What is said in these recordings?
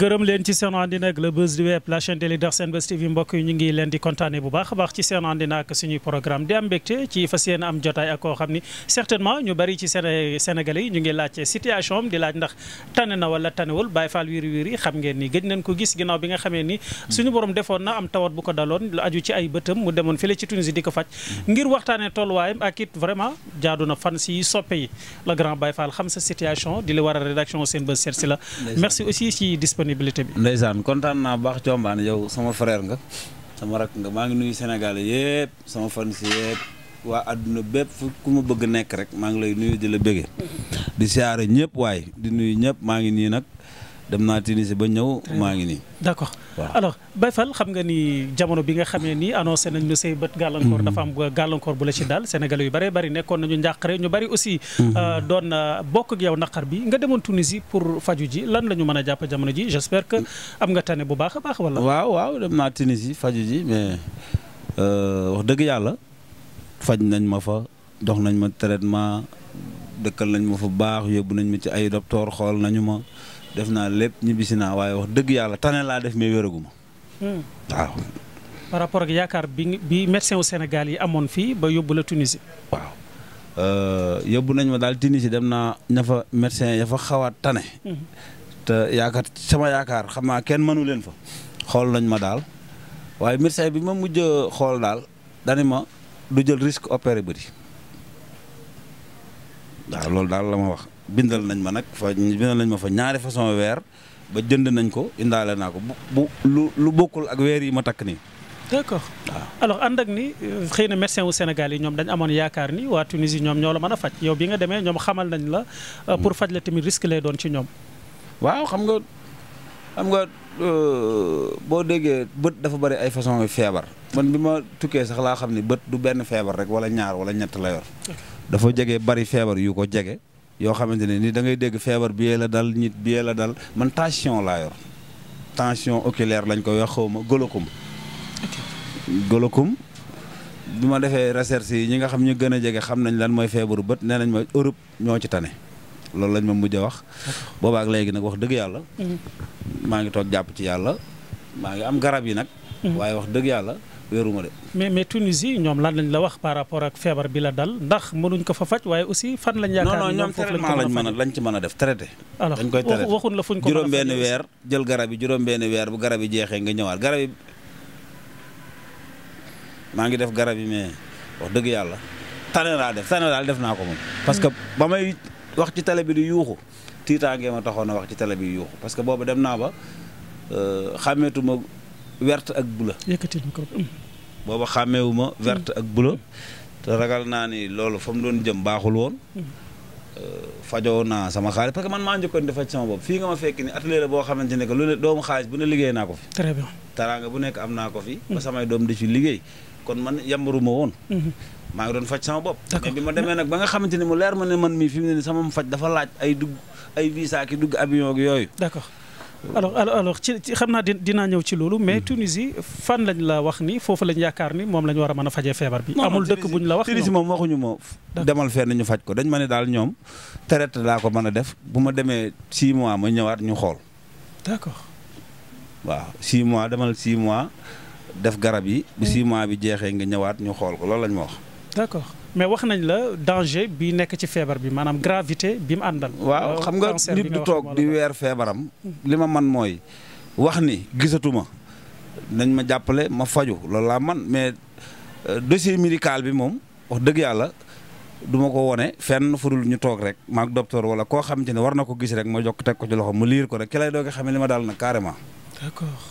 gërëm leen ci seen àndina ak le buzz du web la chaîne des leaders Senbuzz TV mbokk yi ñu ngi leen di kontaane bu baax a baax ci seen àndina ak suñuy programme di am mbégte ci fas yéen am jotaay ak koo xam ni certainement ñu bari ci Séné yi ñu ngi laaj situation am di laaj ndax tane na wala tanewul Baye Fall Wiri Wiri xam ngeen ni gëj nañ ko gis ginnaaw bi nga xamee ni suñu borom defoon na am tawat bu ko daloon lu aju ci ay bëtam mu demoon fële ci Tunisie di ko faj ngir waxtaane na fan si soppe yi le grand Baye Fall xam di la war a rédaction Senbuzz seet si la disponibilité bi. ndeysaan kontaan naa baax Thiombane yow sama frère nga sama rak nga maa ngi nuyu Sénégal yëpp sama fan si waa àdduna bépp ku ma bëgg nekk rek maa ngi lay nuyu di la bëggee mm-hmm. di siyaare ñëpp waaye di nuyu ñëpp maa ngi nii nag dem naa Tunisie ba ñëw maa ngi nii. d'accord waaw alors Baye Fall xam nga ni jamono bi nga xamee nii annoncé nañ ne say bët gàllankoor mm-hmm. dafa am gàllankoor bu la ci daal sénégalais yu bëree bëri nekkoon nañu njàqare ñu bëri aussi mm-hmm. euh, doon euh, bokk ak yow naqar bi nga demoon Tunisie pour faju ji lan la ñu mën a jàpp jamono ji j'espère que am nga tane bu baax a baax wala. waaw waaw dem naa Tunisie faju ji mais euh, wax dëgg yàlla faj nañ ma fa dox nañ ma traitement dëkkal nañ ma fa baax yóbbu nañ ma ci ay docteur xool nañu ma. def naa lépp ñibbisi naa waaye wax dëgg yàlla tane laa def mais wéraguma hmm. waaw. par rapport ak yaakaar bi bi médecin wu Sénégal yi amoon fii ba yóbbu la Tunisie. waaw euh, yóbbu nañ ma daal Tunisie dem naa ña fa médecin xawaat fa tane. Hmm. te yaakaar sama yaakaar xam naa kenn mënu leen fa. xool nañ ma daal waaye médecin bi ma mujj xool daal dani ma du jël risque opéré bëri waaw loolu daal la ma wax. bindal nañ ma nag fa bindal nañ ma fa ñaari façon weer ba jënd nañ ko indaale naa ko bu bu lu lu bokkul ak weer yi ma takk nii. d'accord waaw alors ànd ak ni euh, xëy na médecin wu Sénégal yi ñoom dañ amoon yaakaar ni waa Tunisie ñoom ñoo la mën a faj yow bi nga demee ñoom xamal nañ la. Euh, pour mm. faj la tamit risque lay doon ci ñoom. waaw xam nga xam nga euh, boo déggee bët dafa bari ay façon feebar. man bi ma tukkee sax laa xam ni bët du benn feebar rek wala ñaar wala ñett la yor. dafa jege bari feebar yu ko jege. yoo xamante ne ni da ngay dégg feebar bi la dal nit bi la dal man tension laa yor tension oculaire lañ koy wax xaw ma golokum. golokum bi ma defee recherche yi ñi nga xam ñu gën a jege xam nañ lan mooy feebaru bët nee nañ ma Europe ñoo ci tane loolu lañ ma mujj a wax. boobaak léegi nag wax dëgg yàlla. Mhm. maa ngi toog jàpp ci yàlla maa ngi am garab yi nag. Mhm. waaye wax dëgg yàlla. wéeruma de. mais mais Tunisie ñoom lan lañ la wax par rapport ak feebar bi la dal ndax mënuñ ko fa faj waaye aussi fan lañ. yaakaar ñoom foofu lañ ko mën a non non ñoom traitement a def traité. alors waxuñ la fuñ ko mën a juróom-benn weer jël garab yi juróom-benn weer bu garab yi jeexee nga ñëwaat garab yi maa ngi def garab yi mais wax dëgg yàlla tane laa def tane daal def naa ko moom. parce que hmm. ba may wax ci tele bi di yuuxu tiitaangee ma taxoon a wax ci télé bi yuuxu parce que boobu dem naa ba euh, xàmmeetuma werte ak bula. yëkkatil micro bi. booba xàmmeewu ma werte mm. ak bula. te ragal naa ni loolu fa mu doon jëm baaxul woon. Mm. Euh, fajoo naa sama xaalis parce que man maa njëkkoon di faj sama bopp fii nga fekk ni atelier ne que lu ne doomu xaalis liggéey naa ko taraanga bu nekk am naa ko fi. ba mm. samay doom di ci liggéey. kon man yambaruma woon. Mm-hmm. maa ngi doon faj sama bopp. mais bi ma demee nag ba nga xamante ni mu leer ma ne man mii fi mu ne nii sama faj dafa laaj ay dugg ay visa ki dugg avion ak yooyu. alors alors alors ci ci xam naa dinaa ñëw ci loolu mais hmm. Tunisie fan lañ la wax ni foofu lañ yaakaar ni moom la ñu war a mën a fajee feebar bi. amul dëkk buñ la wax Tunisie moom waxuñu ma demal fee ñu faj ko dañ ma ne daal ñoom traite laa ko mën a def bu ma demee 6 mois ma ñëwaat ñu xool. d'accord waaw 6 mois demal 6 mois def garab yi. bu 6 bi jeexee nga ñëwaat ñu xool ko loolu lañ ma wax. mais wax nañ la danger bi nekk ci feebar bi maanaam gravité bi mu ànd àndal. waaw xam nga nit du toog di weer feebaram. li ma man mooy wax ni gisatuma nañ ma jàppale ma faju loolu laa man mais euh, dossier médical bi moom wax dëgg yàlla du ma ko wone fenn furul ñu toog rek maak docteur wala koo xam ci ne war na ko gis rek ma jokk teg ko ci loxo mu liir ko rek ki lay doog a xamee li ma daal nag carrément. d'accord.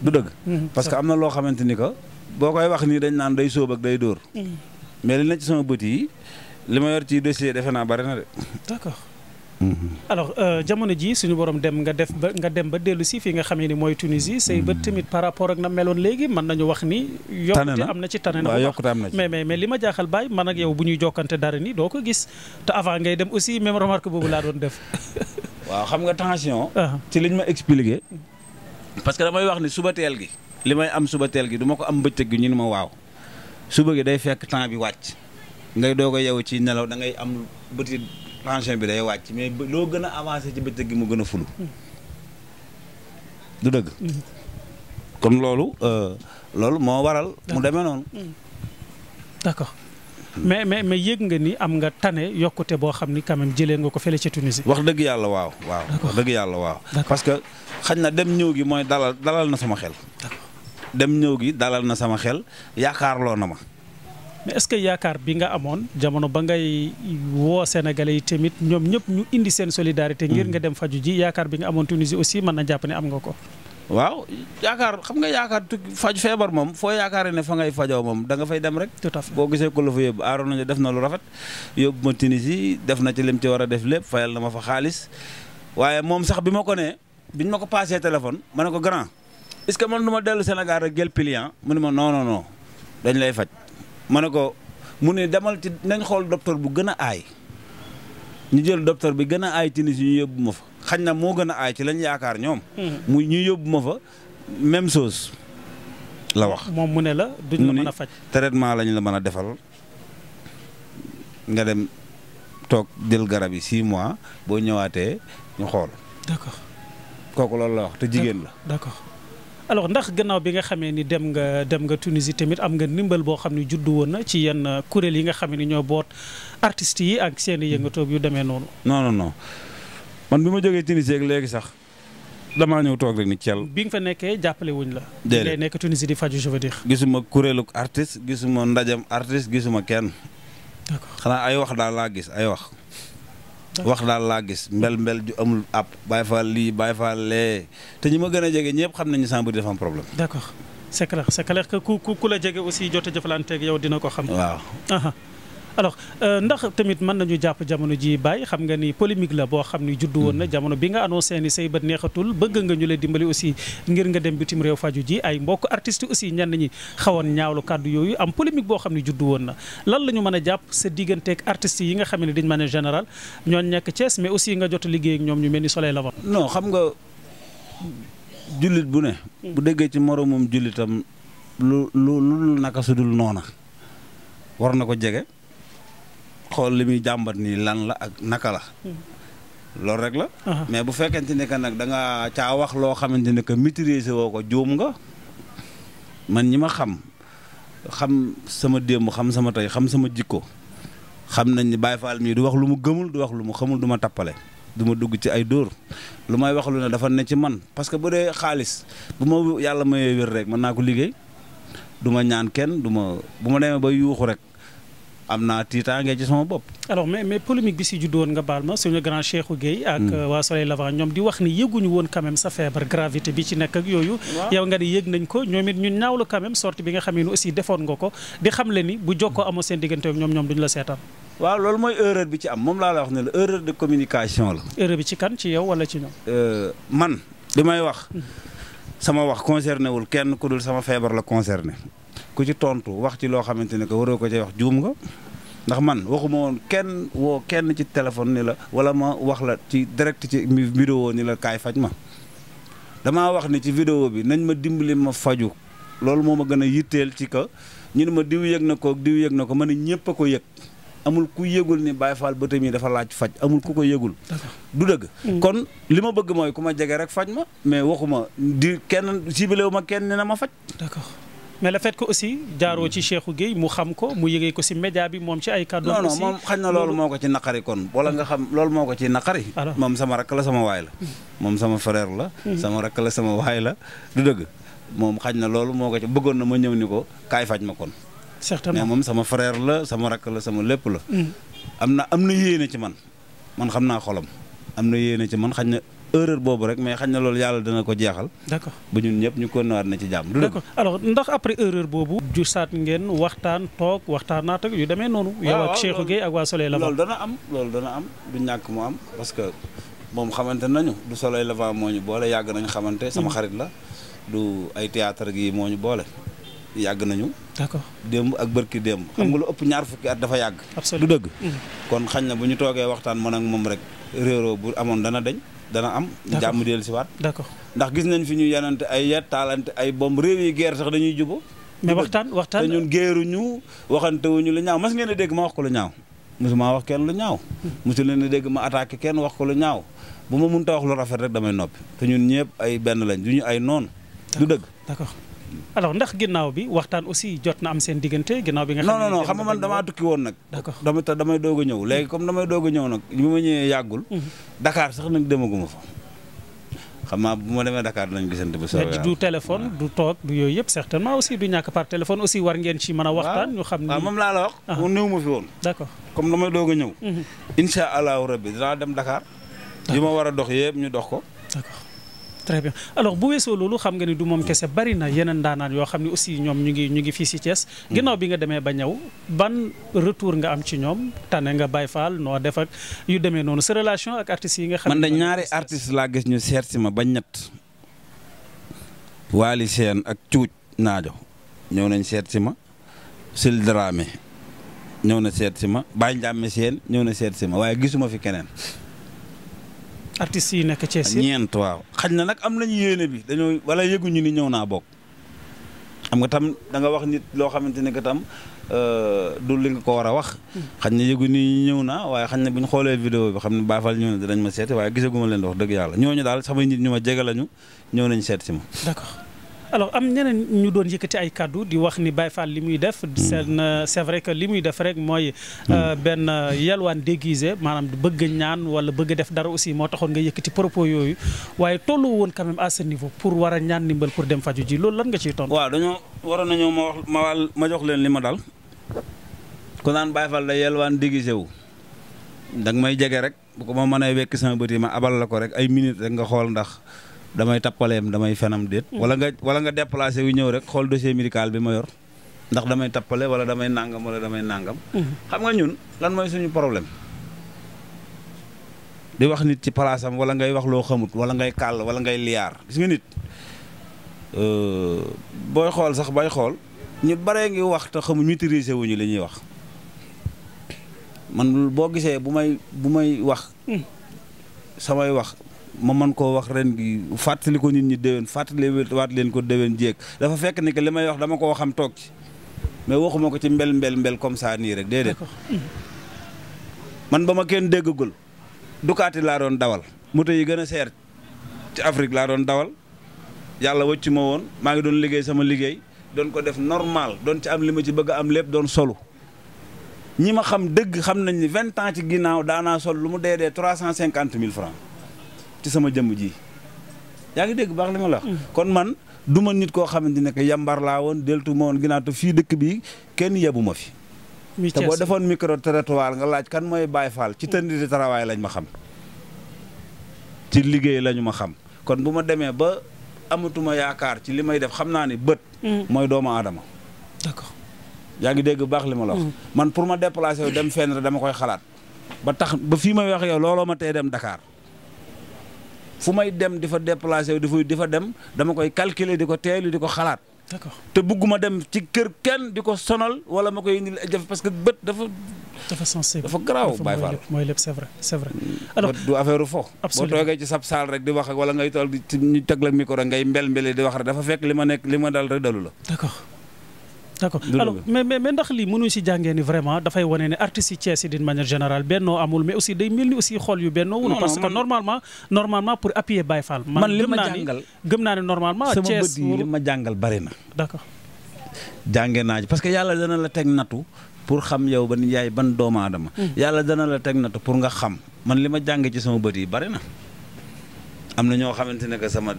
du dëgg. Mm-hmm. parce que am na loo xamante ni que boo koy wax nii dañ naan day sóob ak day dóor. Mm. mais li na ci sama bët yi li ma yor ci dossier defe naa bari na de. d'accord. Mhm. alors euh, jamono ji suñu borom dem nga def ba nga dem ba dellu si fii nga xamee ni mooy Tunisie. say bët mhm. tamit par rapport ak na meloon léegi mën nañu wax ni. yokkute am na ci tane na yokkute am na ci mais mais mais li ma jaaxal Baye man yow bu ñuy jokkante dara ni doo ko gis te avant ngay dem aussi même remarque boobu laa doon def. waaw xam nga tension. Ah. ci liñ ma expliqué. Mm. parce que damay wax ni suba teel gi. li may am suba teel gi duma ko am bëccëg gi ñu ni ma waaw. suba gi day fekk temps bi wàcc ngay doog a yeewu ci nelaw da ngay am bëti tension bi day wàcc mais loo gën a avancé ci bëccëg gi mu gën a fulu du dëgg kon loolu euh, loolu moo waral mu demee noonu d'accord mais mais mais yëg nga ni am nga tane yokkute boo xam ni quand même jëlee nga ko fële ci Tunisie. wax dëgg yàlla waaw waaw wax dëgg yàlla waaw parce que xañ na dem ñëw gi mooy dalal dalal na sama xel dem ñëw gi dalal na sama xel yaakaarloo na ma. mais est-ce que yaakaar bi nga amoon jamono ba ngay woo Sénégalais yi tamit ñoom ñëpp ñu indi seen solidarité. ngir mm. nga dem faju ji yaakaar bi nga amoon Tunisie aussi mën na jàpp ne am nga ko. waaw yaakaar xam nga yaakaar tukki faj feebar moom foo yaakaar yaakaaree ne fa ngay fajoo moom da nga fay dem rek. tout à boo gisee ko la fa yóbbu aaroon nañu def na lu rafet yóbbu ma Tunisie def na ci lim ci war a def lépp fayal na ma fa xaalis waaye moom sax bi ma ko nee biñ ma ko paasee téléphone ma ne ko grand. est-ce que man du ma dellu Sénégal rek jël client ah? mu ne ma non dañ lay faj ma ne ko mu ne demal ci nañ xool docteur bu gën a aay ñu jël docteur bi gën a aay Tunisie ñu yóbbu fa xañ na moo gën a aay ci lañ yaakaar ñoom. Mm-hmm. mu ñu yóbbu ma fa même chose la wax. moom mu ne la duñ la mën a faj traitement lañ la mën a defal nga dem toog jël garab yi si mois boo ñëwaatee ñu xool. d'accord kooku loolu la wax te jigéen la d'accord. alors ndax gannaaw bi nga xamee ni dem nga dem nga Tunisie tamit am nga ndimbal boo xam ne juddu woon na ci yenn kuréel yi nga xam ne ñoo boot artistes yi ak seen nga toog yu demee noonu. non non non man bi ma jógee Tunisie ak léegi sax damaa ñëw toog rek ni Thiel. bi nga fa nekkee jàppale wuñ la. déedéet nekk Tunisie di faju je veux gisuma kuréelu artiste gisuma ndajam artiste gisuma kenn. xanaa ay wax daal laa gis ay wax. wax daal laa gis mbel mbel ju amul ab bàyyi faa lii bàyyi faa lee te ñu ma gën a jege ñëpp xam nañu Samb dafa am problème. d'accord c'est clair ku ku la jege aussi jot a jëflanteeg yow dina ko xam. waaw. alors euh, ndax tamit mën nañu jàpp jamono ji bàyyi xam nga ni polémique la boo xam ni judd woon na hmm. jamono bi nga annoncé ni say bët neexatul bëgg nga ñu la dimbali aussi ngir nga dem bitim réew faju ji ay mbokk artist aussi ñenn ñi xawoon ñaawlu kàddu yooyu am polémique boo xam ni juddu woon na lan la ñu mën a jàpp sa digganteeg artistes yi nga xam ne dañ mën a général ñooñ nekk Thiès mais aussi nga jot a liggéey ak ñoom ñu mel ni Soleil Levant non xam nga jullit bu ne hmm. bu déggee ci moromum jullitam lu lu lu naka sudul na ko jege xool li muy jàmbat nii lan la ak naka la. loolu rek la. Uh-huh. mais bu fekkente ne que nag da nga caa wax loo xamante ne que maîtriser woo ko juum nga. man ñi ma xam xam sama démb xam sama tey xam sama jikko xam nañ ni Baye Fall mii du wax lu mu gëmul du wax lu mu xamul du ma tappale. du ma dugg ci ay dóor lu may wax lu ne dafa ne ci man parce que bu dee xaalis bu ma yàlla mayee wér rek mën naa ko liggéey du ma ñaan kenn du ma bu ma demee ba yuuxu rek. am naa tiitaange ci sama bopp. alors mais mais polémique bi si juddu woon nga baal ma suñu grand Cheikhou Gueye. ak hmm. euh, waa Soleil Levant ñoom di wax ni yëguñu woon quand sa feebar gravité bi ci nekk ak yooyu. yow nga ni yëg nañ ko ñoom it ñu ñaawlu quand même sortie bi nga xam ne aussi defoon nga ko di xam le ni bu jokkoo hmm. amoo seen diggante ak ñoom ñoom duñu la seetaan. waaw loolu mooy erreur bi ci am moom laa la wax ne la erreur de communication la. erreur bi ci kan ci yow wala ci ñoom. Euh, man li may wax. Hmm. sama wax concerné wul kenn ku dul sama feebar la concerné. ku ci tontu wax ci loo xamante ne ko waroo ko cay wax juum nga ndax man waxuma woon kenn woo kenn ci téléphone ni la wala ma wax la ci direct ci vidéo ni la kaay faj ma damaa wax ni ci vidéo bi nañ ma dimbali ma faju loolu moo ma gën a yitteel ci ka ñu ne ma diw yëg na ko diw yëg na ko ma ne ñëpp a ko yëg amul ku yëgul ni Baye Fall bëtam yi dafa laaj faj amul ku ko yëgul du dëgg mm. kon li ma bëgg mooy ku ma jege rek faj ma mais waxuma di kenn ciblé wu ma kenn ne na ma faj mais le fait que aussi jaaroo ci Cheikhou Gueye mu xam ko mu yëgee ko si média bi moom ci ay kàddu non non moom xañ na loolu moo ko ci naqari kon wala nga xam loolu moo ko ci moom sama rakk la sama waay la hmm. moom sama frère la hmm. sama rakk la sama waay la du dëgg moom xañ na loolu moo ko ci bëggoon na ma ñëw ni ko kaay faj ma kon certainement mais moom sama frère la sama rakk la sama lépp la hmm. am na am na yéene ci man man xam naa xolam am na yéene ci man xañ na erreur boobu rek mais xañ na loolu yàlla dana ko jeexal. d'accord ba ñun ñëpp ñu ko nawaat na ci jàmm. d'accord alors ndax après erreur boobu. ju saat ngeen waxtaan toog waxtaanaat ak yu demee noonu. yow ak Cheikhou Gueye ak waa Soleil Levant. loolu dana am loolu am du ñàkk mu am parce que moom xamante nañu du Soleil Levant moo boole yàgg nañu xamante hmm. sama xarit la du ay théâtre gi moo ñu boole. yàgg nañu. d'accord démb ak bërki démb. Hmm. xam nga lu ëpp ñaar fukki at dafa yàgg. du dëgg. Hmm. kon xañ na bu ñu toogee waxtaan man ak moom rek réeroo bu amoon dana dañ. dana am. jàmm dellu si waat. d'accord ndax gis nañ fi ñu yanante ay yet taalante ay bomb réew yi guerre sax dañuy jubóo. mais waxtaan waxtaan te ñun géeruñu waxantewuñu lu ñaaw mas ngeen a dégg ma wax ko lu ñaaw. musuma wax kenn lu ñaaw. mosu leen a dégg ma attaqué kenn wax ko lu ñaaw bu ma mënta wax lu rafet rek damay noppi te ñun ñëpp ay benn lañ du ñu ay noonu. du dëgg d'accord. alors ndax ginnaaw bi waxtaan aussi jot na am seen diggante ginnaaw bi nga. xam non non xam nga man damaa tukki woon nag. d'accord dama te damay doog a ñëw mm-hmm. léegi comme damay doog a ñëw nag bi ma ñëwee yàggul. Mm-hmm. Dakar sax nag demaguma fa. xam naa bu ma demee Dakar dinañ gisante bu soobee du téléphone du toog du yooyu yëpp certainement aussi du ñàkk par téléphone aussi war ngeen ci mën a waxtaan xam ni waaw moom la wax ah. mu ma fi woon d'accord comme damay doog a ñëw mm-hmm. insha allahu rabbi dinaa dem Dakar yi ma war a dox yëpp ñu dox ko très bien alors bu weesoo loolu xam nga ni du moom kese bari na yeneen ndaanaan yoo xam ne aussi ñoom ñu ngi ñu ngi fii si Thiès. Mm. ginnaaw bi nga demee ba ñaw ban retour nga am ci ñoom tane nga bay Fall noo def yu demee noonu sa relation ak artistes yi nga. xam ne da ñaari artistes laa gis ñu seet si ma ba ñett Waly Sène ak Cuuj Naajo ñëw nañ seet si ma Sil Dramé ñëw na seet si ma Baye Ndiame Sène ñëw na seet si ma waaye gisuma fi keneen. artistes yi nekk Thiès ñeent waaw xaj na nag am nañu yéene bi dañoo wala yëguñu ni ñëw naa bokk. xam nga tam danga wax nit loo xamante ne que tam euh, du li nga ko war a wax. xaj na yëgu ni ñëw na waaye xaj na bu ñu xoolee vidéo bi xam ne baafal ñëw na dinañ ma seeti waaye gisaguma leen wax dëgg yàlla ñooñu daal sama nit ñu ma jege lañu ñëw nañ seet si ma. alors am ñeneen ñu doon yëkkati ay kàddu di wax ni Baye Fall li muy def. seen c'est vrai que li muy def rek mooy. Mm. Euh, benn euh, yalwaan déguisé maanaam bëgg ñaan wala bëgg def dara aussi moo taxoon nga yëkkati propos yooyu waaye tollu woon quand même à ce pour war a ñaan ndimbal pour dem faju ji loolu lan nga ciy tontu. waa dañoo waroon nañoo ma wax ma wàll ma jox leen li ma dal. ku naan Baye Fall day yalwaan déguisé wu. danga may jege rek bu ko ma mënee wekk sama bët yi ma abal la ko rek ay minutes rek nga xool ndax. damay tappaleem damay fenam déet. Hmm. wala nga wala nga déplacé wu ñëw rek xool dossier médical bi ma yor ndax damay tappale wala damay nàngam wala damay nàngam. Hmm. xam nga ñun lan mooy suñu problème. di wax nit ci palaasam wala ngay wax loo xamut wala ngay kàll wala ngay liyaar gis nga nit euh, booy xool sax bay xool ñu bare ngi wax te xamu maîtriser wuñu li ñuy wax man boo gisee bu may bu may wax hmm. samay wax ma man koo wax ren gi fàttali ko nit ñi déwén fàttali waat leen ko déwén jéeg dafa fekk ni que li may wax dama koo xam toog ci mais waxuma ko ci mbel mbel mbel comme ça nii rek déedéet mm-hmm. man ba ma kenn déggagul dukaati laa doon dawal moto yi gën a seer ci Afrique laa doon dawal yàlla wëccu ma woon maa ngi doon liggéey sama liggéey doon ko def normal doon ci am li ma ci bëgg am lépp doon solu ñi ma xam dëgg xam nañ ni vingt ans ci ginnaaw daanaa sol lu mu dee dee trois cent cinquante mille francs ci sama jëmm ji yaa ngi dégg baax li ma la kon man du ma nit koo xamante ne que yambar laa woon deltu ma ginaatu fii dëkk bi kenn yebu ma fi te boo defoon micro territoire nga laaj kan mooy Baye Fall ci tëndi di travail lañ ma xam ci liggéey lañu ma xam kon bu ma demee ba amatuma yaakaar ci li may def xam naa ni bët mm. mooy doomu aadama d'accord yaa ngi dégg baax li ma la mm. man pour ma déplacer wu dem fenn dama koy xalaat ba tax ba fii may wax yow looloo ma tey dem Dakar fu may dem di fa déplacé wu di fa dem dama koy calculer di ko teelu di ko xalaat. d'accord te bëgguma dem ci kër kenn di ko sonal wala ma koy indil jafe parce que bët dafa. dafa sensible dafa garaaw Baye Fall mooy lépp c'est vrai c'est vrai. Mm, alors du affaire fo. boo toogee ci sab saal rek di wax ak wala ngay toog di ñu teg la micro ngay mbel mbele di wax rek dafa fekk li ma nekk li ma dal rek dalu la. d'accord. d' accord alors mais mais ndax lii mënuñ si jàngee ni vraiment dafay wane ne artistes yi Thiès yi d'une manière générale bennoo amul mais aussi day mel ni aussi xool yu bennoo wunu parce que pour appuyer Baye Fall. man li ma jàngal naa ne normalement. sama bët ma jàngal bari na. d' accord jàngee naa parce que yàlla dana la teg nattu pour xam yow ban yaay ban doomu aadama. Hmm. yàlla dana la teg nattu pour nga xam man li ma jàng ci sama bët yi bari na. am na ñoo xamante ne que sama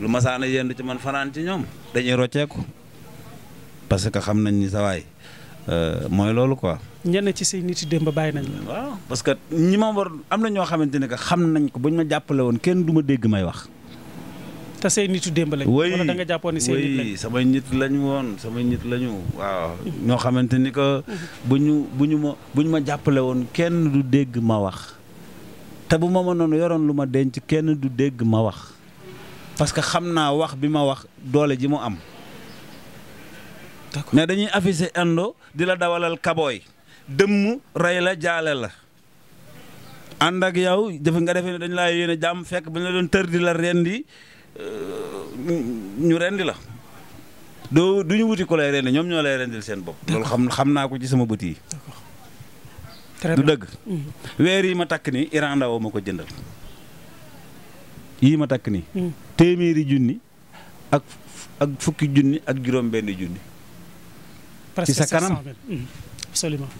lu ma masaana yendu ci man fanaan ci ñoom dañuy rocceeku. parce que xam nañ ni sa waay euh, mooy loolu quoi. ñenn ci say nit yi démb bàyyi nañ la. waaw parce que ñi ma war am na ñoo xamante ni que xam nañ ko buñ ma jàppale woon kenn du ma dégg may wax. te nitu démb lañ. wala da nga jàppoon ni nit lañ samay woon samay nit lañu waaw. ñoo xamante ni que. Mhm. bu ñu bu ñu ma bu ma jàppale woon kenn du dégg ma wax. te bu ma mënoon yoroon lu ma denc kenn du dégg ma wax. parce que xam naa wax bi ma wax doole ji mu am. mais dañuy affiché ando di la dawalal kabooy dëmm rey la jaale la ànd ak yow defe nga defee ne dañ laa yéene jàmm fekk bu ñu la doon tër di la rendi euh, ñu rendi la doo du ñu wuti ko lay rendi ñoom ñoo lay rendil seen bopp loolu xam xam naa ko ci sama bët yi du dëgg mm-hmm. weer yi ma takk nii Iran ma ko jëndal yii ma takk ni mm. téeméeri junni ak ak fukki junni ak juróom benn junni ci sa kanam mm, absolument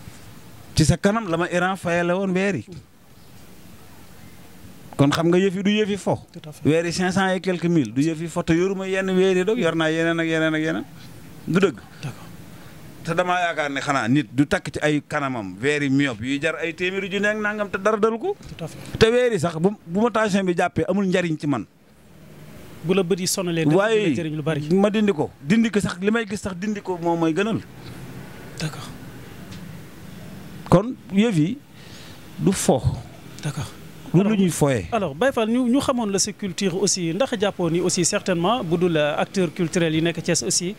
ci sa kanam la ma Iran fayale woon weer kon xam nga yëf yi du yëf yi fo weer yi cinq cent et quelques mille du yëf yi fo te yoruma yenn weer dog yor naa yeneen ak yeneen ak du dëgg te damaa yaakaar ne xanaa nit du takk ci ay kanamam weer yi yuy jar ay téeméeri ju nekk nangam te dara dal ko te weer sax bu bu ma tension bi jàppee amul njariñ ci man bu la bët yi sonalee. waaye jëriñ lu bari ma dindi ko dindi ko sax li may gis sax dindi ko moom mooy gënal. d'accord. kon yëf yi du fo. d'accord lu lu ñuy fooyee. alors Baye Fall ñu ñu xamoon la si culture aussi ndax jàppoon ni aussi certainement bu dul euh, acteurs culturels yi nekk Thiès aussi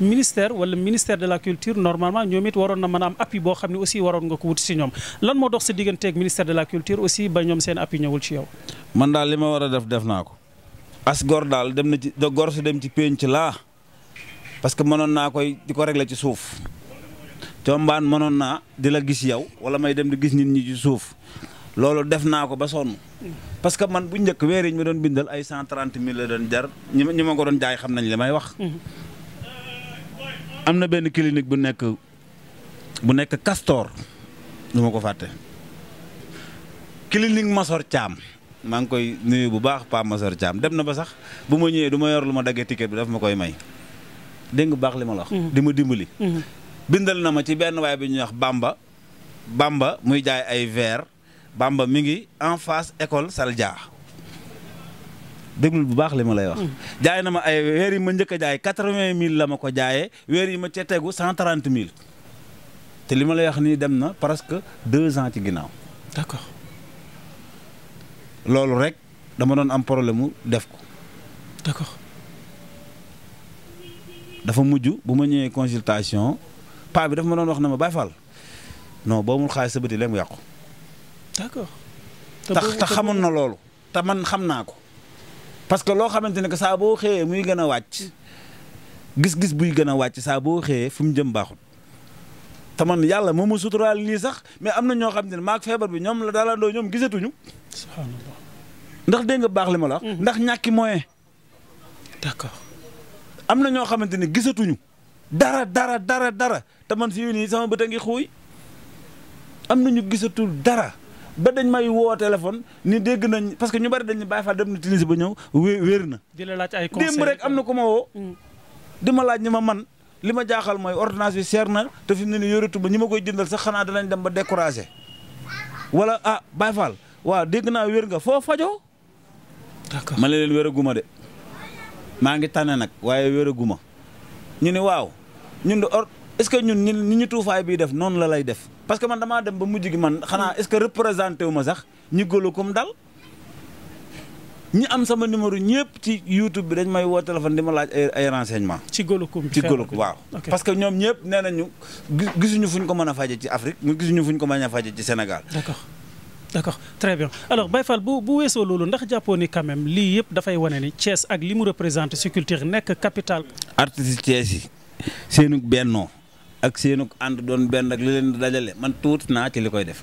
ministère wala ministère de la culture normalement ñoom it waroon na mën a am appui boo xam ne aussi waroon nga ko wut si ñoom lan moo dox sa digganteeg ministère de la culture aussi ba ñoom seen appui ñëwul ci yow. man daal li ma war a def def naa ko. as gor daal dem na ci da gor su dem ci pénc laa parce que mënoon naa koy di ko regle ci suuf combaan mënoon naa di la gis yow wala may dem di gis nit ñi ci suuf loolu def naa ko ba sonn parce que man bu njëkk weer yi ñu ma doon bindal ay cent trente mille la doon jar ñi ma ñi ma ko doon jaay xam nañ li may wax. Mm-hmm. am na benn clinique bu nekk bu nekk Castor du ko fàtte clinique Masor caam maa ngi koy nuyu bu baax Pape Massar Thiam dem na ba sax bu ma ñëwee du ma yor lu ma daggee ticket bi daf ma koy may dégg nga baax li ma la wax. Mhm. di ma dimbali. Mhm. bindal na ma ci benn waay bi ñuy wax bàmba Bamba muy jaay ay verre Bamba mi ngi en face école Saldia déglul bu baax li ma lay wax. Mhm. jaay na ma ay weer yi ma njëkk a jaay quatre-vingt mille la ma ko jaayee weer yi ma ca tegu cent trente mille te li ma lay wax nii dem na presque deux ans ci ginnaaw. d'accord. loolu rek dama doon am problème mu def ko. d'accord. dafa mujj bu ma ñëwee consultation paa bi dafa ma doon wax na ma Baye Fall non boo mul xaalis sa bëti léegi mu yàqu. d'accord. te xamoon na loolu. te man xam naa ko. parce que loo xamante ne que saa boo xëyee muy gën a wàcc gis-gis buy gën a wàcc saa boo xëyee fu mu jëm baaxut. te man yàlla moo ma suturaal lii sax mais am na ñoo xam ne maag feebar bi ñoom la daalandoo ñoom gisatuñu. ndax dégg nga baax li ma la mhm. ndax ñàkki moyen d'accord am na ñoo xamante ne gisatuñu dara dara dara dara te man fii nii sama bët a ngi xuuy am na ñu gisatul dara ba dañ may woo téléphone ni dégg nañ parce que ñu bari dañ ne Baye dem na Tunisie ba ñëw wéer wér na. di la laaj ay conseils démb rek am na ko ma woo. Mm. di ma laaj ñi ma man li ma jaaxal mooy ordonnance bi seer na te fi mu ne nii yoratu ba ñi ma koy jëndal sax xanaa danañ dem ba découragé wala ah Baye Fall waaw dégg naa wér nga foo fajo d'accord ma ne leen wéraguma de maa ngi tànnee nag waaye wéraguma ñu ne waaw ñun de or est ce que ñun ni ñu tuufaay bii def noonu la lay def parce que man damaa dem ba mujj gi man xanaa est ce que représenté wu ma sax ñu gëlu comme dal ñi am sama numéro ñëpp ci YouTube bi dañ may woo téléphone di ma laaj ay ay renseignements. ci golokum ci golokum waaw. parce que ñoom ñëpp nee nañu gisuñu fuñ ko mën a faje ci Afrique mu gisuñu fuñ ko mën a faje ci Sénégal. d'accord très bien alors Baye Fall bu bu weesoo loolu ndax jàppoo ni quand même lii yëpp dafay wone ni Thiès ak li mu représenté ci nekk capital artiste Thiès yi seenug bennoo ak seenug ànd doon benn ak li leen dajale man tuuti naa ci li koy def.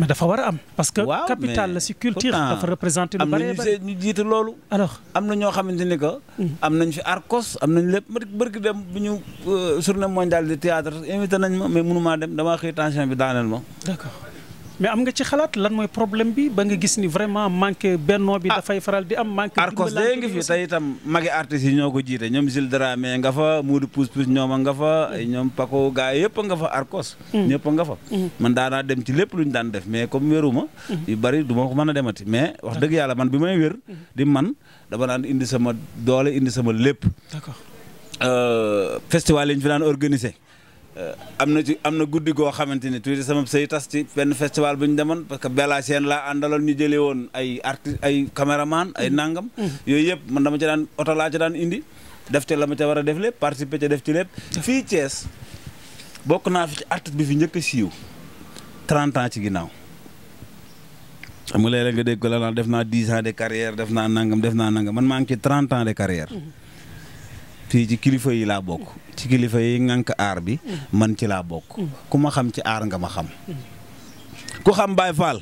mais dafa war a am. parce que capitale la ci culture dafa représenté lu bëree bëri am na ñu jiite loolu. alors am na ñoo xamante ni que. Mhm. am nañ fi Arcos am nañ lépp bërki dem bu ñu euh, journée mondiale de théâtre invité nañ ma mais mënu maa dem damaa xëy tension bi daaneel mais am nga ci xalaat lan mooy problème bi ba nga gis ni vraiment manqué bennoo bi ah. dafay faral di am manqué arcos de ngi fi tey itam magi artistes yi ñoo ko jiite ñoom Gilles Dramé nga fa Moodu Pousse Pousse ñoom a nga fa ñoom Paco gaa yëpp a nga fa arcos mm. ñëpp nga fa mm. man daanaa dem ci lépp lu ñu daan def mais comme wéruma mm. yu bari du ma ko mën a demati mais wax dëgg yàlla man bi may wér di man dafa daan indi sama doole indi sama lépp d'accord euh, festival yi ñu fi daan organiser Euh, am na ci am na guddi koo xamante ni tuuti sama sëy tas ci benn festival bu ñu demoon parce que Bella Sène laa àndaloon ñu jëlee woon ay artiste ay caméraman ay nangam. Mm-hmm. Mm-hmm. yooyu yëpp man dama ci daan oto laa ci daan indi def ci la ma ca war a def lépp participer ca def ci lépp. fii cees bokk naa fi ci artiste bi fi njëkk a siiw 30 ans ci ginnaaw. xam nga léeg-léeg nga ko la def naa 10 ans de carrière def naa nangam def naa nangam man maa ngi ci 30 de carrière. Mm-hmm. fii ci kilifa yi laa bokk ci kilifa yi ŋànk aar bi man ci laa bokk ku ma xam ci aar nga ma xam ku xam Baye Fall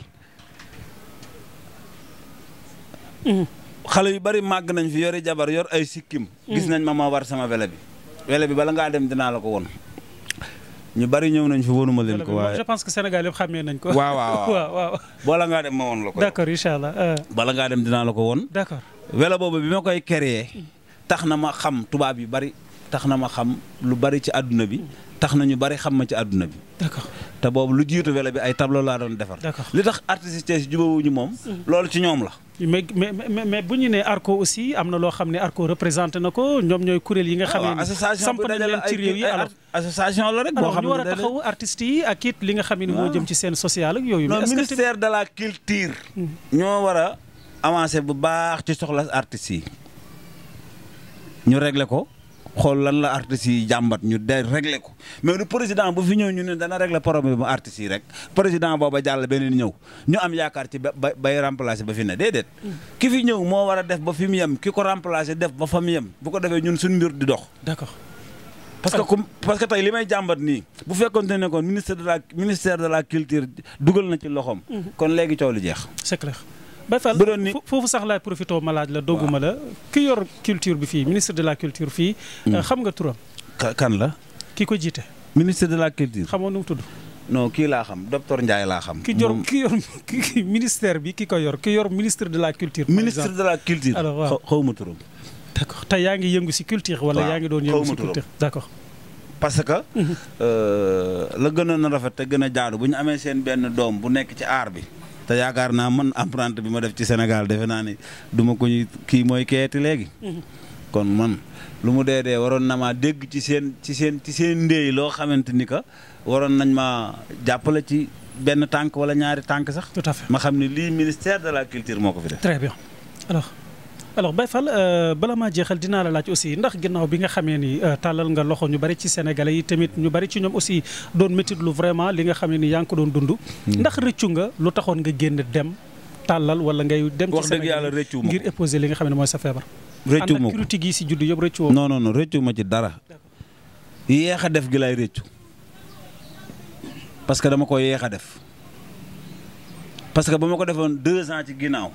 xale yu bari màgg nañ fi yori jabar yor ay sikkim gis nañ ma ma war sama wele bi wele bi bala ngaa dem dinaa la ko won ñu bari ñëw nañ fi wonuma leen ko waaye je que Sénégal yëpp xàmmee nañ ko waaw waaw waaw bala dem ma won la ko d'accord incha allah euh. bala ngaa dem dinaa la ko boobu bi ma koy créer tax na ma xam tubaab yu bari tax na ma xam lu bari ci àdduna bi tax na ñu bari xam ma ci àdduna bi. d'accord te boobu lu jiitu wele bi ay tableau laa doon defar. li tax artistes yi jubawuñu moom. Mm. loolu ci ñoom la. mais mais mais bu ñu nee Arco aussi am na loo xam ne Arco représenté na ko ñoom ñooy kuréel yi nga. xam ne ah, samp na leen ci réew yi alors xam ne ñu war a taxawu artistes yi ak it li nga xam ne moo ah. jëm ci seen social ak yooyu. non ministère de la culture. Mm. ñoo war a avancé bu baax ci soxla artistes ñu régler ko xool lan la artistes yi jàmbat ñu de régler ko mais du président bu fi ñëw ñu ne dana régler problème bu artistes yi rek président booba jàll beneen ñëw ñu am yaakaar ci ba bay remplacer ba fi ne déedéet. Mm. ki fi ñëw moo war a def ba fi mu yem ki ko remplacer def ba fa mu yem bu ko defee ñun suñu mbir di dox. d'accord. parce que ah. comme parce que tey li may jàmbat nii bu fekkoon ne kon ministère de la ministère de la culture dugal na ci loxoom. Mm-hmm. kon léegi coow lu jeex. c'est Bayfal foofu sax laay profité ma laaj la dogguma la ki yor culture bi fii ministre de la culture fii. Hmm. Euh, xam nga turam. kan la. ki ko jiite. ministre de la culture. xamoon nu mu tudd. non kii laa xam docteur Ndiaye laa xam. ki yor ministère bi ki ko yor ki yor ministre de la culture. ministre de la culture alors xaw ma turam. te yaa ngi yëngu si culture. wala yaa ngi doon yëngu si culture parce que. Mhm. Euh, la gënoon a rafet te gën a jaadu bu ñu amee seen benn doom bu nekk ci aar bi. te yaakaar naa man empreinte bi ma def ci Sénégal defe naa ni duma ko ñu kii mooy keeti léegi. kon man lu mu dee dee waroon na maa dégg ci seen ci seen ci seen ndéey loo xamante ni que waroon nañ ma jàppale ci benn tànk wala ñaari tànk sax. tout à ma xam ne lii ministère de la culture moo ko fi def. très alors Baye Fall euh, bala maa jeexal dinaa la laaj aussi ndax ginnaaw bi nga xamee ni euh, tàllal nga loxo ñu bari ci sénégalais yi tamit ñu bari ci ñoom aussi doon métit lu vraiment li nga xamee ni yaa ngi doon dund. Hmm. ndax rëccu nga lu taxoon nga génn dem tàllal wala ngay dem. ci Sénégal ngir épouser li nga xam ne mooy sa feebar. rëccu ma ko ànd ak critique yi si judd yëpp rëccu woo. non non non rëccu ma ci dara. yéex a def gi lay rëccu parce que dama ko yéex a def parce que ba ma ko defoon deux ans ci ginnaaw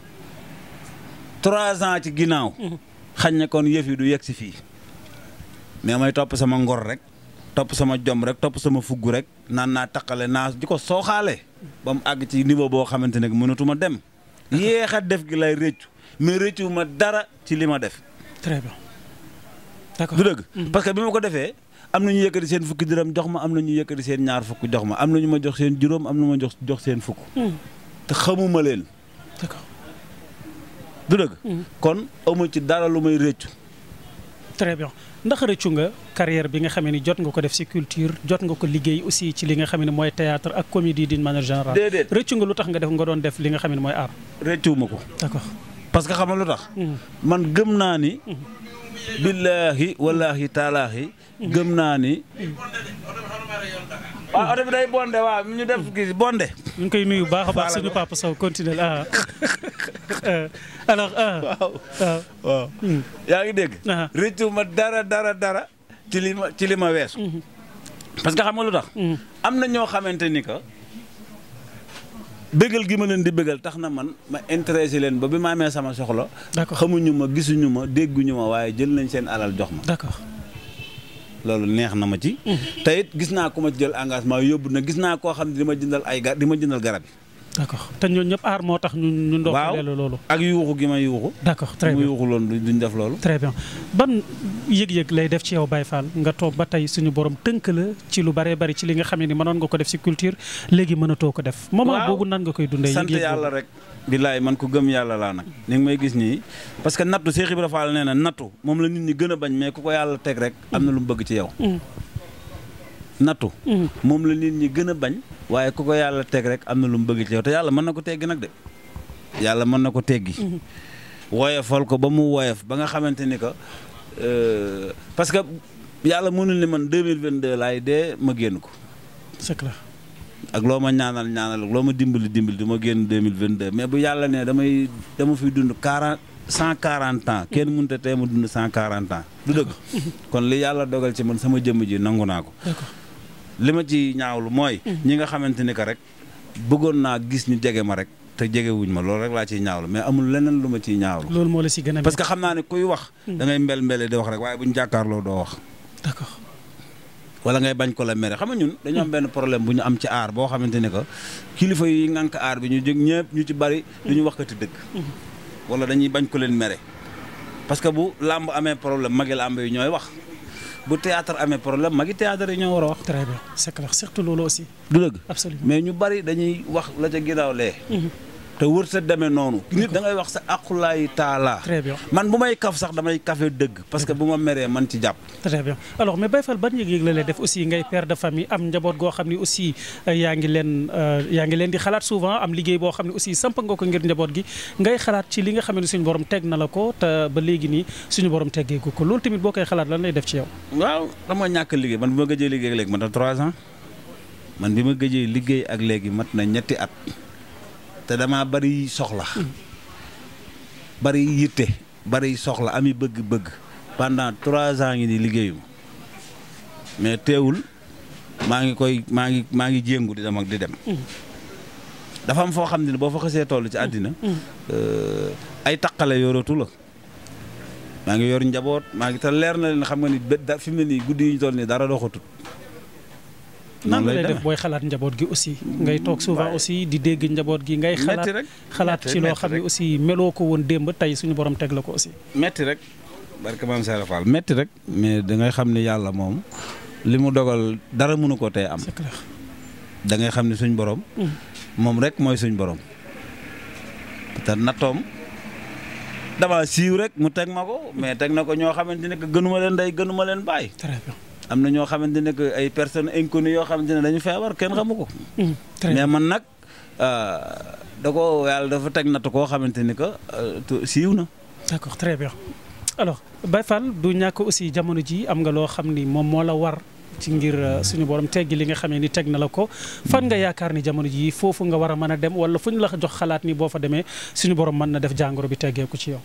trois ans ci ginnaaw. xañ ne koon yëf yi du yegg si fii mais may topp sama ngor rek topp sama jom rek topp sama fukk rek naan naa taqale naa di ko xaalee ba mu àgg ci niveau boo xamante ne mënatuma dem yéex a def gi lay rëccu mais rëccu ma dara ci li ma def. très bien d'accord du dëgg. Mhm. parce que bi ma ko defee am na ñu yëkkati seen fukki dërëm jox ma am na ñu yëkkati seen ñaar fukk jox ma am na ñu ma jox seen juróom am na ma jox jox seen fukk. Mhm. te xamuma leen. du dëgg. kon amu ci dara lu may rëccu. très ndax rëccu nga carrière bi nga xam ni jot nga ko def ci culture jot nga ko liggéey aussi ci li nga xam ne mooy théâtre ak comédie d'une manière générale. déedéet rëccu nga lu tax nga def nga doon def li nga xam ne mooy art. rëccuwuma ko. d'accord parce que xam nga lu tax. Hmm. man gëm ni. Hmm. billaahi walaahi taalaahi. Hmm. gëm ni waaw oto bi day bondé waaw ñu def gis bonde ñu ngi koy nuyu baax a baax suñu papa Sow continué ah euh, alors euh, waaw euh, waaw. Hmm. yaa ngi dégg. Ah. rëccu ma dara dara dara ci li ma ci li ma weesu. Hmm. parce que xam nga lu tax. Hmm. am na ñoo xamante ni que bégal gi ma leen di bégal tax na man ma intéressé leen ba bi ma amee sama soxla. d'accord xamuñu ma gisuñu ma dégguñu ma waaye jël nañ seen alal jox ma. d'accord. loolu neex na ma ci. Mm-hmm. te it gis naa ku ma jël engagement yóbbu na gis naa koo xam ne di ma jëndal ay gar di ma jëndal garab yi. d'accord te ñun ñëpp aar moo tax ñu ñu ndokkale loolu ak yuuxu gi ma yuuxu d'accord très bien mu yuuxu loolu duñ def loolu très bien ban yëg-yëg lay def ci yow Baye Fall nga toog ba tey suñu borom tënk la ci lu baree bari ci li nga xam ne ni mënoon nga ko def si culture léegi mënatoo ko def moment boobu nan nga koy dundee sant yàlla rek di bilaay man ko gëm yàlla laa nag ni may gis nii parce que nattu Cheikh Ibra Fall nee na nattu moom la nit ñi gën a bañ mais ku ko yàlla teg rek am na lu mu bëgg ci yow mm. nattu mhm. moom la nit ñi gën bañ waaye ku ko yàlla teg rek am na lu mu bëgg ci yow te yàlla mën na ko teggi nag yàlla mën na ko teggi mhm. woyofal ko ba mu woyof ba nga xamante ni que euh, parce que yàlla mënul ni man mille 2022 laay dee ma génn ko c'est clair ak loo ma ñaanal ñaanal loo ma dimbali dimbali du ma génn mille vingt 2022 mais bu yàlla nee damay dama fiy dund cent 140 ans kenn mhm. mënut te tee ma dund 140 ans du dëgg kon li yàlla dogal ci man sama jëmm ji nangu naa ko li ma ci ñaawlu mooy. ñi nga xamante ni que rek bëggoon naa gis ñu jege ma rek te jege wuñ ma loolu rek laa ciy ñaawlu mais amul leneen lu ma ciy ñaawlu. loolu moo la si gën parce que xam naa ne kuy wax. Hmm. dangay ngay mbel mbele di wax rek waaye buñ jàkkaarloo doo wax. d'accord. wala ngay bañ ko la mere xam nga ñun dañoo am benn problème bu ñu am ci aar boo xamante ne que kilifa yi ngànk aar bi ñu jóg ñëpp ñu ci bari. du ñu wax ko te dëgg. Hmm. wala dañuy bañ ko leen mere. parce que bu làmb amee problème magi làmb yi ñooy wax. bu théâtre amee problème magi théâtre yi ñoo war a wax. très bien c'est clair surtout loolu aussi. du dëgg. mais ñu bari dañuy wax la ca ginnaaw lee. Mhm. te wër sa demee noonu. nit da ngay wax sa aqulaayi taalaa. très bien man bu may kaf sax damay kafe dëgg parce que bu ma meree man ci jàpp. très bien alors mais Baye Fall def aussi ngay père de famille am njaboot goo xam ne aussi euh, yaa ngi leen euh, yaa ngi leen di xalaat souvent am liggéey boo xam ne aussi samp ko ngir njaboot gi ngay xalaat ci li nga xam ne suñu borom teg na ko te ba léegi nii suñu borom teggeeku ko loolu tamit boo koy xalaat lan lay def ci yow. waaw xam ñàkk liggéey man ma gëjee liggéey léegi man na trois ans man bi ma gëjee liggéey ak léegi mat na ñetti at te damaa bari soxla bari yitte bari soxla ami bëgg-bëgg pendant trois ans ngi ni liggéeyuma mais teewul maa ngi koy maa ngi maa ngi jéngu di dem ak di dem dafa am foo xam ne boo fa xasee toll ci àddina euh, ay taqale yoratu la maa ngi yor njaboot maa ngi te leer na leen xam nga ni fi mu ne nii guddi yi ñu toll nii dara doxatut nan lay def booy xalaat njaboot gi aussi ngay toog souvent aussi di dégg njaboot gi ngay xalaat xalaat ci loo xam ne aussi meloo ko woon démb tey suñu borom teg la ko aussi metti rek barke maam Sara Fall metti rek mais da ngay xam ne yàlla moom li mu dogal dara mënu ko tey am da ngay xam ne suñ borom mm. moom rek mooy suñ borom te nattoom dama siiw rek mu teg ma ko mais teg na ko ñoo xamante ne que gënuma leen day gënuma leen bàyyi très am na ñoo xamante ne ay personnes inconnues yoo xamante ne dañu feebar kenn xamu ko. Mm, mais man nag euh, da ko yàlla dafa teg natt koo xamante ni que euh, siiw na. d'accord très bien alors Baye fan du ñàkk aussi jamono ji am nga loo xam ni moom moo la war. ci ngir euh, suñu borom teggi li nga xamee ni teg na la ko fan nga yaakaar ni jamono jii foofu nga war a mën a dem wala fu ñu la jox xalaat ni boo fa demee suñu borom mën na def jàngoro bi teggeeku ci yow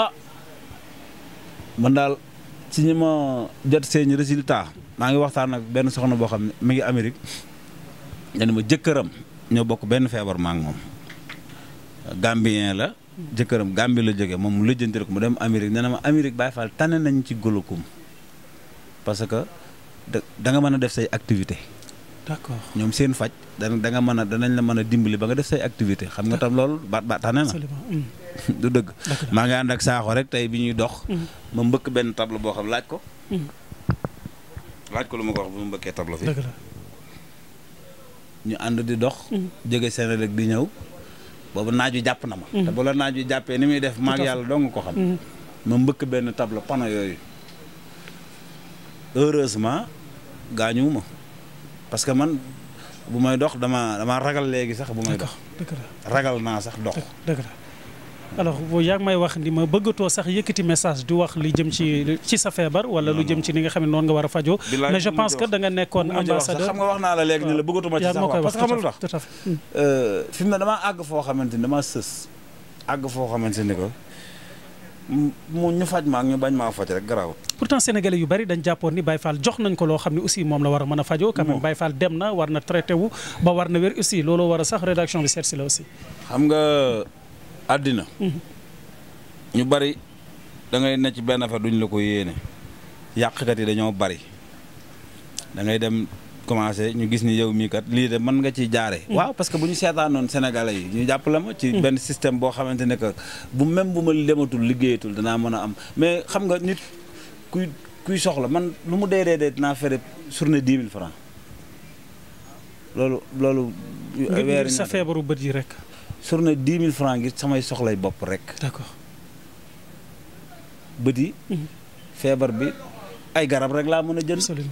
ah! si ñi ma jot seen résultat maa ngi waxtaan ak benn soxna boo xam ne mi ngi Amérique dañu ma jëkkëram ñoo bokk benn feebar maa moom Gambien la jëkkëram Gambie la jógee moom mu lëjjantil ko mu dem Amérique nee na ma Amérique Baye Fall tane nañ ci golokum parce que da nga mën a def say activité d'accord ñoom seen faj da nga mën a danañ la mën a dimbali ba nga def say activité xam nga tam loolu ba ba tane na du dëgg maa ngi ànd ak saaxo rek tey bi ñuy dox mm-hmm. ma mbëkk benn tableau boo xam laaj ko mm-hmm. laaj ko lu ma ko wax bu ma mbëkkee tableau fi ñu ànd di dox mm-hmm. jóge seen rek di ñëw boobu naaju jàpp na ma te bu la naaju jàppee ni muy def maag yàlla dong ko xam ma mbëkk benn tableau pano yooyu heureusement gaañuwuma parce que man bu may dox dama dama ragal léegi sax bu may dox ragal naa sax dox alors bu yaa may wax ni ma bëggatoo sax yëkkati message di wax li jëm ci ci sa feebar wala lu jëm ci li nga xam ne noon nga war a fajo mais je pense que da nga nekkoon ambassadeur xam nga wax naa la léegi euh, fi mu ne damaa àgg foo xamante ni damaa sës àgg foo xamante ni ko mu ñu faj ma bañ maa faj rek garaawut pourtant sénégalais yu bari dañ jàppoon ni Baye Fall jox nañ ko loo xam ne aussi moom la war a mën a fajoo quand même Baye dem na war na traité wu ba war na wér aussi looloo war a sax rédaction bi seet si la aussi xam nga àddina ñu bari dangay ngay benn affaire duñ la ko yéene yàqkat yi dañoo bari dangay dem commencer ñu gis ni yow mii kat lii de mën nga ci jaare mm-hmm. waaw parce que bu ñu seetaanoon sénégalais yi ñu jàppale ma ci mm-hmm. benn système boo xamante ne que bu même bu ma dematul liggéeyatul danaa mën a am mais xam nga nit kuy kuy soxla man lu mu dee dee dee dinaa fere journée dix mille francs loolu loolu. weer sa feebaru bët yi rek. surne dix mille francs ngir samay soxlay bopp rek. d'accord bët yi. Mhm. feebar bi ay garab rek laa mën a jënd.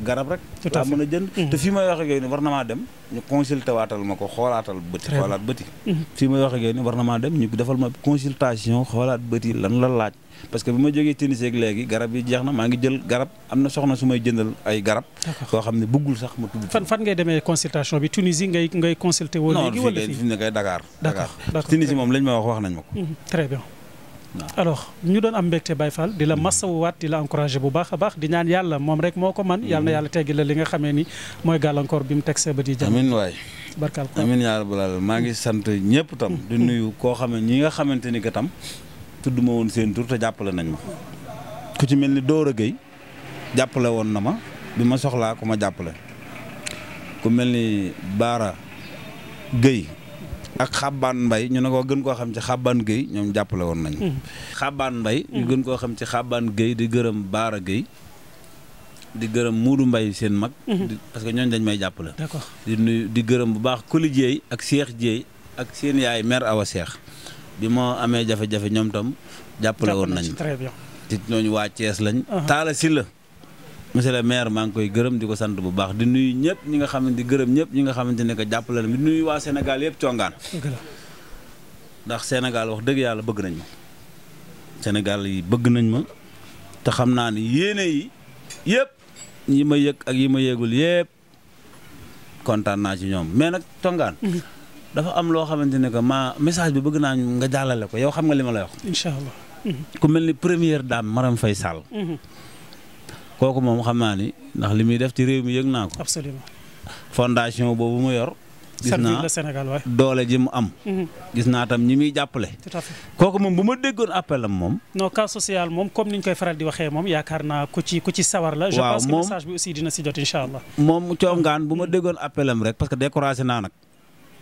garab rek. tout à laa mën a jënd. Mm-hmm. te fii ma wax ak yow ni war na maa dem ñu consulté waatal ma ko xoolaatal bëti xoolaat bëti. Mm-hmm. fii may wax ak yow ni war na maa dem ñu defal ma consultation xoolaat bëti lan la laaj. parce que bi ma jógee Tunisie ak léegi garab yi jeex na maa ngi jël garab am na soxna su may jëndal ay garab. koo xam ne bëggul sax ma tudd. fan fan ngay demee consultation bi Tunisie ngay ngay consulté. woo léegi wala fii non fii ne kay Dakar. Dakar Tunisie moom lañ ma wax wax nañ ma ko. Mm-hmm. alors ñu doon am mbégte bay Fall di la mm-hmm. masawuwaat di la encouragé bu baax a baax di ñaan yàlla moom rek moo ko man mm-hmm. yàlla yàlla teggi la li nga xamee ni mooy gàllankoor bi mu teg sa bët yi jàmm amiin waay barkaal ko amiin yaa rabbal aalamiin maa ngi sant ñëpp tam mm-hmm. di nuyu koo xam ne ñi nga xamante ni gatam tam tudd ma woon seen tur te jàppale nañ ma ku ci mel ni a Gueye jàppale woon na ma bi ma soxlaa ku ma jàppale ku mel ni Baara Gueye ak xabbaan mbay ñu ne ko gën koo xam ci xabbaan géy ñoom jàppale woon nañu hmm. xabbaan mbay ñu hmm. gën koo xam ci xabbaan géy di gërëm baara géy di gërëm muudu mbay seen mag hmm. parce que ñooñ dañ may jàppale di nuyu di gërëm bu baax kuli jéey ak seex jéey ak seen yaay mère awa seex bi moo amee jafe-jafe ñoom tam jàppale woon nañu ci ñooñu waa Cees lañ uh-huh. taala la monsieur le maire maa ngi koy gërëm di ko sant bu baax di nuyu ñëpp ñi nga xamante di gërëm ñëpp ñi nga xamante ne que jàppale na di nuyu waa Sénégal yëpp congaan ndax Sénégal wax dëgg yàlla bëgg nañ ma Sénégal yi bëgg nañ ma te xam naa ni yéene yi yëpp ñi ma yëg ak yi ma yégul yëpp kontaan naa ci ñoom mais nag congaan mhm. dafa am loo xamante ne que maa message bi bëgg naa nga jàllale ko yow xam nga li ma lay wax. incha mhm. ku mel ni première dame Marème fay Sall. Mhm. kooku moom xam naa ni ndax li muy def ci réew mi yëg naa ko. absolument fondation boobu mu yor. gis naa doole ji mu am. Mhm. gis naa tam ñi muy jàppale. tout à fait kooku moom bu ma déggoon appel am moom. non cas social moom comme ni ñu koy faral di waxee moom yaakaar naa ku ci ku ci sawar la. je pense que message bi aussi dina si jot incha allah. moom coom ngaan bu ma mhm. déggoon appel am rek parce que découragé naa nag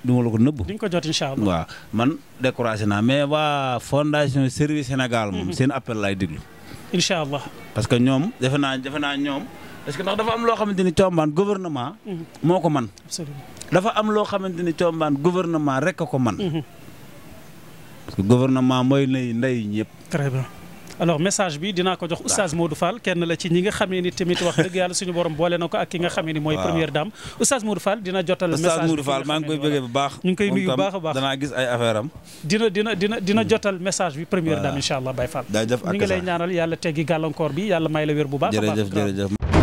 du la ko nëbbu. di nga ko jot incha allah man découragé naa mais waa fondation Servir Sénégal moom mhm. seen appel laay déglu. incha allah parce que ñoom defe naa defe naa ñoom parce que ndax dafa am loo xamante ni combaan gouvernement. Mhm. moo ko man dafa am loo xamante ni combaan gouvernement rek a ko man mhm. parce que gouvernement mooy nay ndey ñëpp. alors message bi dinaa ko jox oustaz Modou Fall kenn la ci ñi nga xamee ni tamit wax dëgg yàlla suñu borom boole na ko ak ki nga xamee ni mooy première dame oustaz Modou Fall dina jotal message oustaz Modou koy bëggee bu baax ñu dina dina hmm. jotal message bi première dame incha allah Baye Fall ñu ngi lay ñaanal gàllankoor bi yàlla may la wér bu baax